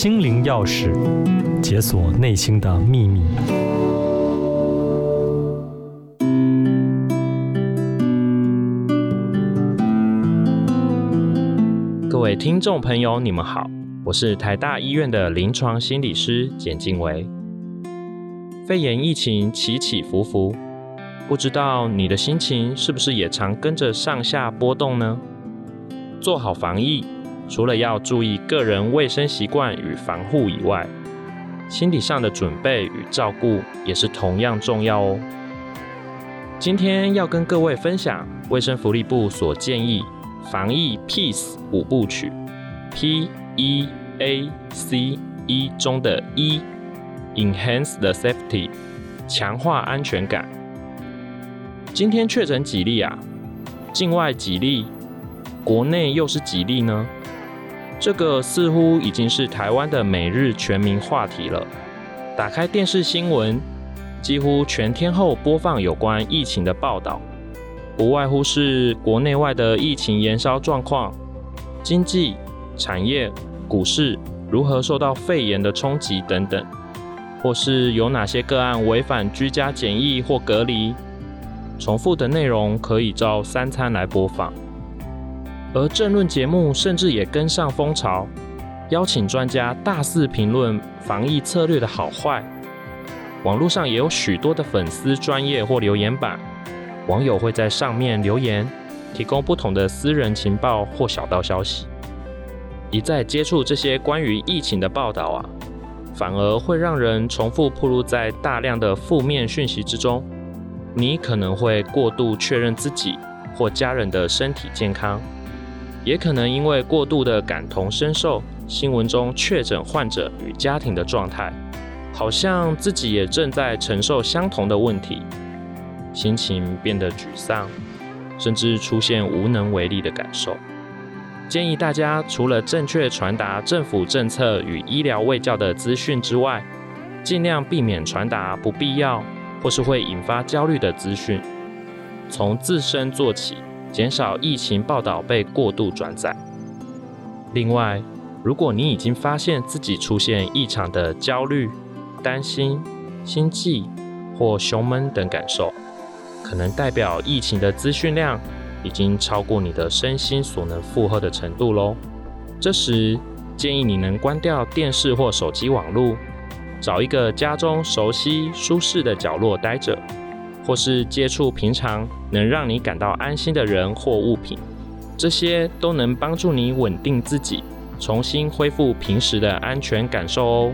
心靈鑰匙，解鎖內心的秘密。各位聽眾朋友，你們好，我是台大醫院的臨床心理師簡靜薇。肺炎疫情起起伏伏，不知道你的心情是不是也常跟着上下波動呢？做好防疫。除了要注意個人衛生習慣與防護以外，心理上的準備與照顧也是同樣重要哦。今天要跟各位分享衛生福利部所建議防疫 PEACE 五部曲 P E A C E 中的 E，Enhance the Safety，強化安全感。今天確診幾例啊？境外幾例？國內又是幾例呢？這個似乎已經是台灣的每日全民話題了。打開電視新聞，幾乎全天候播放有關疫情的報道，不外乎是國內外的疫情延燒狀況、經濟、產業、股市如何受到肺炎的衝擊等等，或是有哪些個案違反居家檢疫或隔離。重複的內容可以照三餐來播放。而政論節目甚至也跟上風潮，邀請專家大肆評論防疫策略的好壞。網絡上也有許多的粉絲專業或留言板，網友會在上面留言，提供不同的私人情報或小道消息。一再接觸這些關於疫情的報道啊，反而會讓人重複暴露在大量的負面訊息之中，你可能會過度確認自己或家人的身體健康。也可能因為過度的感同身受，新聞中確診患者與家庭的狀態，好像自己也正在承受相同的問題，心情變得沮喪，甚至出現無能為力的感受。建議大家除了正確傳達政府政策與醫療衛教的資訊之外，儘量避免傳達不必要或是會引發焦慮的資訊，從自身做起。減少疫情報道被過度轉載。另外，如果你已經發現自己出現異常的焦慮、擔心、心悸或胸悶等感受，可能代表疫情的資訊量已經超過你的身心所能負荷的程度嘍。這時，建議你能關掉電視或手機網絡，找一個家中熟悉舒適的角落待着。或是接觸平常能讓你感到安心的人或物品，這些都能幫助你穩定自己，重新恢復平時的安全感受哦。